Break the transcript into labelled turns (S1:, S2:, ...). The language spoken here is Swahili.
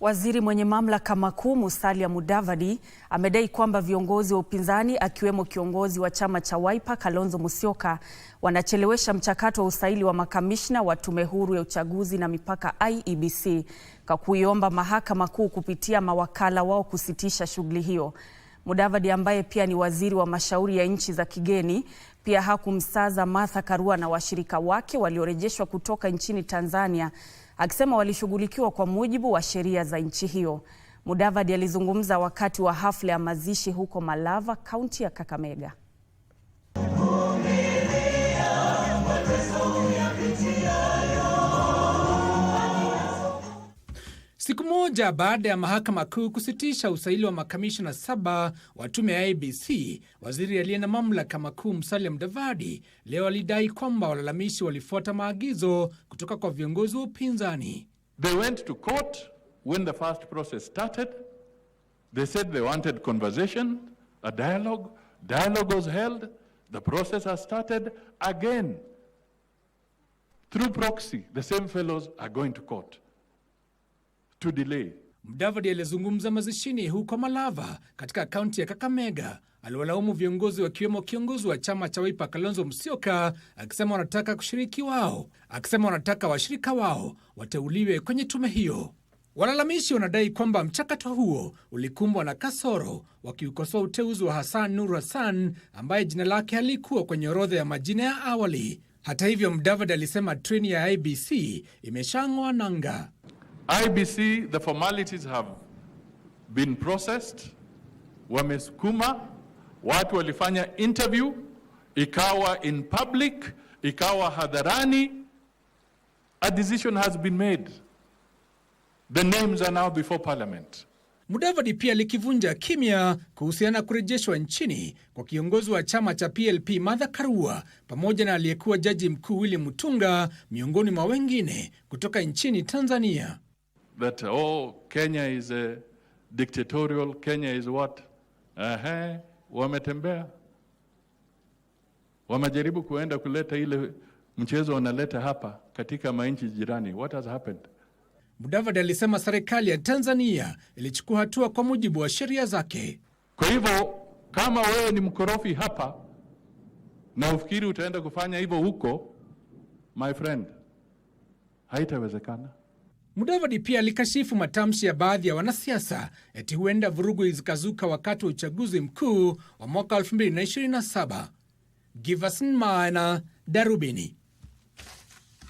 S1: Waziri mwenye mamlaka makuu Musalia Mudavadi amedai kwamba viongozi wa upinzani akiwemo kiongozi wa chama cha Wiper Kalonzo Musyoka wanachelewesha mchakato wa usaili wa makamishna wa Tume Huru ya Uchaguzi na Mipaka IEBC kwa kuiomba Mahakama Kuu kupitia mawakala wao kusitisha shughuli hiyo. Mudavadi ambaye pia ni waziri wa mashauri ya nchi za kigeni pia hakumsaza Martha Karua na washirika wake waliorejeshwa kutoka nchini Tanzania akisema walishughulikiwa kwa mujibu wa sheria za nchi hiyo. Mudavadi alizungumza wakati wa hafla ya mazishi huko Malava, kaunti ya Kakamega.
S2: Siku moja baada ya mahakama kuu kusitisha usaili wa makamishna saba wa tume ya IEBC, waziri aliye na mamlaka makuu Musalia Mudavadi leo alidai kwamba walalamishi walifuata maagizo kutoka kwa viongozi wa upinzani.
S3: They went to court when the first process started. They said they wanted conversation, a dialogue. Dialogue was held. The process has started again. Through proxy, the same fellows are going to court to delay.
S2: Mdavadi alizungumza mazishini huko Malava katika kaunti ya Kakamega. Aliwalaumu viongozi wakiwemo kiongozi wa chama cha Wiper Kalonzo Musyoka, akisema wanataka kushiriki wao, akisema wanataka washirika wao wateuliwe kwenye tume hiyo. Walalamishi wanadai kwamba mchakato huo ulikumbwa na kasoro, wakiukosoa uteuzi wa Hassan Nur Hassan ambaye jina lake halikuwa kwenye orodha ya majina ya awali. Hata hivyo, mdavadi alisema treni ya IBC imeshang'oa nanga.
S3: IBC, the formalities have been processed, wamesukuma watu, walifanya interview, ikawa in public, ikawa hadharani. A decision has been made. The names are now before parliament.
S2: Mudavadi pia likivunja kimya kuhusiana na kurejeshwa nchini kwa kiongozi wa chama cha PLP Martha Karua pamoja na aliyekuwa jaji mkuu Willy Mutunga miongoni mwa wengine kutoka nchini Tanzania
S3: that oh, Kenya is a dictatorial, Kenya is what? Aha, wametembea, wamejaribu kuenda kuleta ile mchezo wanaleta hapa katika manchi jirani. What has happened?
S2: Mudavadi alisema serikali ya Tanzania ilichukua hatua kwa mujibu wa sheria zake.
S3: Kwa hivyo kama wewe ni mkorofi hapa na ufikiri utaenda kufanya hivyo huko, my friend, haitawezekana.
S2: Mudavadi pia alikashifu matamshi ya baadhi ya wanasiasa eti huenda vurugu zikazuka wakati wa uchaguzi mkuu wa mwaka 2027. Giverson Maina, Darubini.